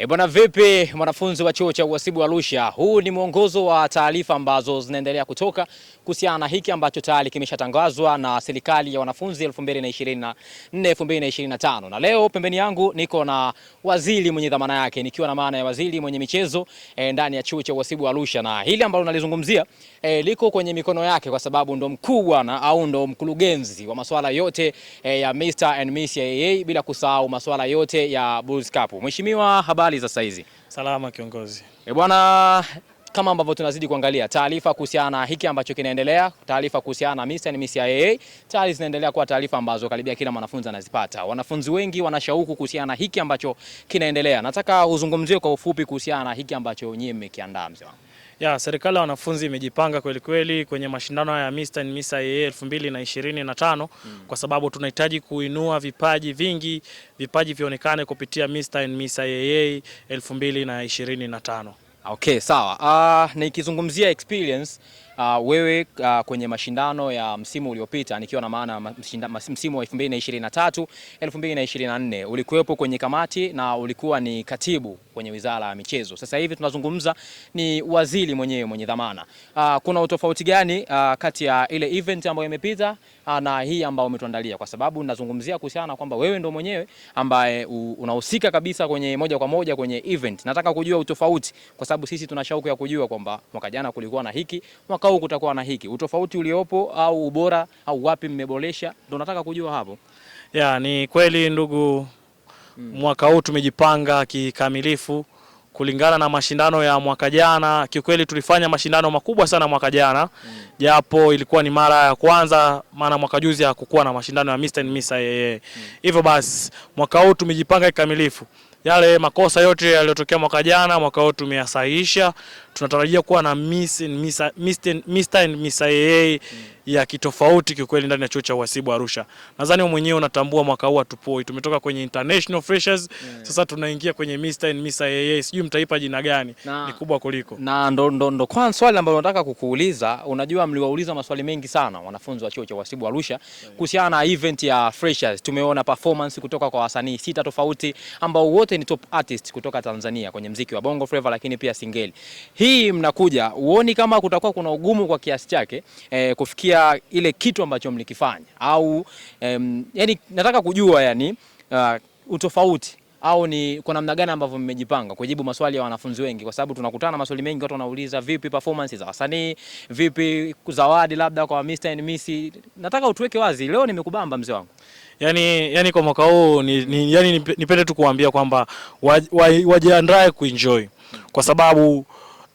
E bwana, vipi mwanafunzi wa chuo cha uhasibu Arusha? Huu ni mwongozo wa taarifa ambazo zinaendelea kutoka kuhusiana na hiki ambacho tayari kimeshatangazwa na serikali ya wanafunzi 2024 2025, na leo pembeni yangu niko na waziri mwenye dhamana yake, nikiwa na maana ya waziri mwenye michezo e, ndani ya chuo cha uhasibu Arusha, na hili ambalo nalizungumzia e, liko kwenye mikono yake kwa sababu ndo mkuu bwana au ndo mkurugenzi wa masuala yote e, ya Mr and Miss AA, bila kusahau masuala yote ya Bulls Cup. Mheshimiwa habari habari za saizi? Salama kiongozi. E bwana kama ambavyo tunazidi kuangalia taarifa kuhusiana na hiki ambacho kinaendelea, taarifa kuhusiana na Mr. na AA, tayari zinaendelea kuwa taarifa ambazo karibia kila mwanafunzi anazipata. Wanafunzi wengi wanashauku kuhusiana na hiki ambacho kinaendelea. Nataka uzungumzie kwa ufupi kuhusiana na hiki ambacho nyinyi mmekiandaa mzee wangu. Ya serikali ya wanafunzi imejipanga kweli kweli kwenye mashindano ya Mr and Miss AA 2025 mm. kwa sababu tunahitaji kuinua vipaji vingi, vipaji vionekane kupitia Mr and Miss AA 2025. Okay, sawa. Uh, nikizungumzia experience uh, wewe uh, kwenye mashindano ya msimu uliopita nikiwa na maana msimu wa 2023 2024 ulikuwepo kwenye kamati na ulikuwa ni katibu kwenye Wizara ya Michezo. Sasa hivi tunazungumza ni waziri mwenyewe mwenye dhamana. Uh, kuna utofauti gani uh, kati ya ile event ambayo imepita uh, na hii ambayo umetuandalia, kwa sababu nazungumzia kuhusiana kwamba wewe ndo mwenyewe ambaye unahusika kabisa kwenye moja kwa moja kwenye event. Nataka kujua utofauti, kwa sababu sisi tuna shauku ya kujua kwamba mwaka jana kulikuwa na hiki mwaka au kutakuwa na hiki, utofauti uliopo au ubora au wapi mmeboresha, ndo nataka kujua hapo. Ya, ni kweli ndugu hmm. Mwaka huu tumejipanga kikamilifu kulingana na mashindano ya mwaka jana. Kiukweli tulifanya mashindano makubwa sana mwaka jana hmm. Japo ilikuwa ni mara ya kwanza, maana mwaka juzi hakukuwa na mashindano ya Mr. and Miss yeye. Hmm. Hivyo basi mwaka huu tumejipanga kikamilifu yale makosa yote yaliyotokea mwaka jana, mwaka huu tumeyasahihisha. Tunatarajia kuwa na miss, missa, misten, Mr. and Mrs. AA mm ya kitofauti kiukweli ndani ya chuo cha uhasibu Arusha. Nadhani wewe mwenyewe unatambua mwaka huu atupoi, tumetoka kwenye international freshers yeah. Sasa tunaingia kwenye Mr and Mrs AA, sijui mtaipa jina gani, ni kubwa kuliko na ndo, ndo, ndo. Kwa swali ambalo nataka kukuuliza, unajua mliwauliza maswali mengi sana wanafunzi wa chuo cha uhasibu Arusha kuhusiana na event ya freshers. Tumeona performance kutoka kwa wasanii sita tofauti ambao wote ni top artist kutoka Tanzania kwenye mziki wa Bongo Flava, lakini pia singeli hii mnakuja, uoni kama kutakuwa kuna ugumu kwa kiasi chake eh, kufikia kuelezea ile kitu ambacho mlikifanya au um, yani, nataka kujua yani uh, utofauti au ni kwa namna gani ambavyo mmejipanga kujibu maswali ya wanafunzi wengi, kwa sababu tunakutana maswali mengi, watu wanauliza vipi performance za wasanii, vipi zawadi labda kwa Mr and Miss. Nataka utuweke wazi leo, nimekubamba mzee wangu. Yani, yani kwa mwaka huu ni, ni, yani nipende tu kuambia kwamba wajiandae wa, wa kuenjoy kwa sababu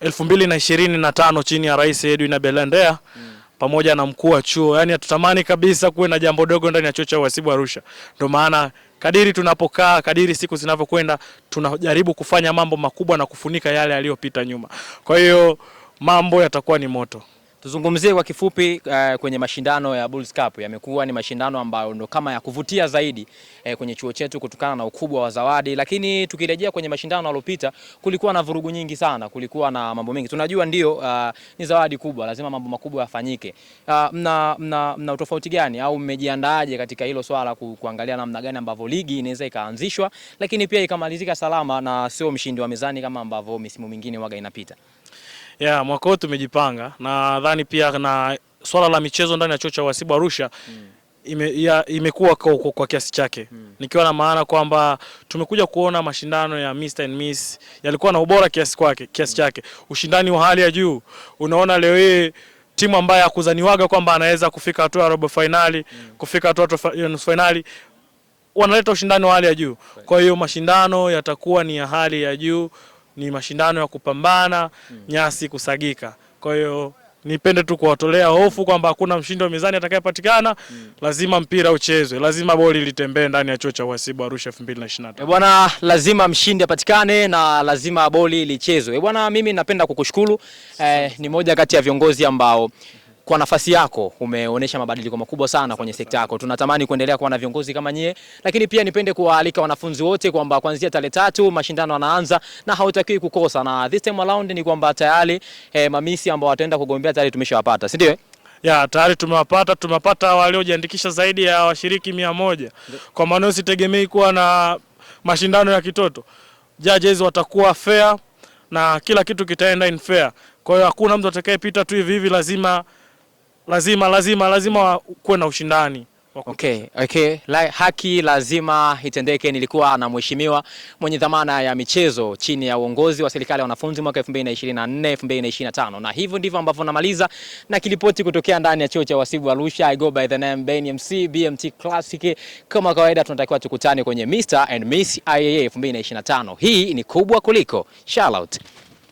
2025 chini ya Rais Edwin Abelandea mm pamoja na mkuu wa chuo. yani hatutamani kabisa kuwe na jambo dogo ndani ya chuo cha uhasibu Arusha. Ndio maana kadiri tunapokaa, kadiri siku zinavyokwenda, tunajaribu kufanya mambo makubwa na kufunika yale yaliyopita nyuma. Kwa hiyo mambo yatakuwa ni moto. Tuzungumzie kwa kifupi uh, kwenye mashindano ya Bulls Cup yamekuwa ni mashindano ambayo ndo kama ya kuvutia zaidi eh, kwenye chuo chetu kutokana na ukubwa wa zawadi, lakini tukirejea kwenye mashindano yaliyopita kulikuwa na vurugu nyingi sana, kulikuwa na mambo mengi. Tunajua ndio uh, ni zawadi kubwa, lazima mambo makubwa yafanyike. Uh, mna, mna, mna utofauti gani au mmejiandaaje katika hilo swala ku, kuangalia namna gani ambavyo ligi inaweza ikaanzishwa, lakini pia ikamalizika salama na sio mshindi wa mezani kama ambavyo misimu mingine waga inapita? Yeah, mwaka huu tumejipanga, nadhani pia na swala la michezo ndani ya chuo cha uhasibu Arusha mm. Ime, imekuwa kwa, kwa, kwa kiasi chake mm. Nikiwa na maana kwamba tumekuja kuona mashindano ya Mr and Miss yalikuwa na ubora kiasi kwake kiasi hmm. chake Ushindani wa hali ya juu, unaona leo hii timu ambayo hakuzaniwaga kwamba anaweza kufika hatua ya robo finali mm. kufika hatua ya nusu finali wanaleta ushindani wa hali ya juu. Kwa hiyo mashindano yatakuwa ni ya hali ya juu ni mashindano ya kupambana mm. nyasi kusagika. Kwa hiyo nipende tu kuwatolea hofu kwamba hakuna mshindi wa mizani atakayepatikana mm. Lazima mpira uchezwe, lazima boli litembee ndani ya chuo cha uhasibu Arusha 2025. Bwana, lazima mshindi apatikane na lazima boli lichezwe. E bwana, mimi napenda kukushukuru eh, ni moja kati ya viongozi ambao kwa nafasi yako umeonyesha mabadiliko makubwa sana kwenye sekta yako. Tunatamani kuendelea kuwa na viongozi kama nyie, lakini pia nipende kuwaalika wanafunzi wote kwamba kuanzia tarehe tatu mashindano yanaanza na hautakiwi kukosa, na this time around ni kwamba tayari eh, mamisi ambao wataenda kugombea tayari tumeshawapata, si ndio? Eh? Ya tayari tumewapata, tumepata waliojiandikisha zaidi ya washiriki mia moja. Kwa maana usitegemei kuwa na mashindano ya kitoto. Judges watakuwa fair na kila kitu kitaenda in fair. Kwa hiyo hakuna mtu atakayepita tu hivi hivi, lazima lazima lazima lazima kuwe na ushindani. Okay, okay. La, haki lazima itendeke. Nilikuwa na mheshimiwa mwenye dhamana ya michezo chini ya uongozi wa serikali ya wanafunzi mwaka 2024 2025, na hivyo ndivyo ambavyo namaliza na kilipoti kutokea ndani ya chuo cha wasibu Arusha. I go by the name Ben MC BMT Classic. Kama kawaida, tunatakiwa tukutane kwenye Mr and Miss IAA 2025. Hii ni kubwa kuliko shout out.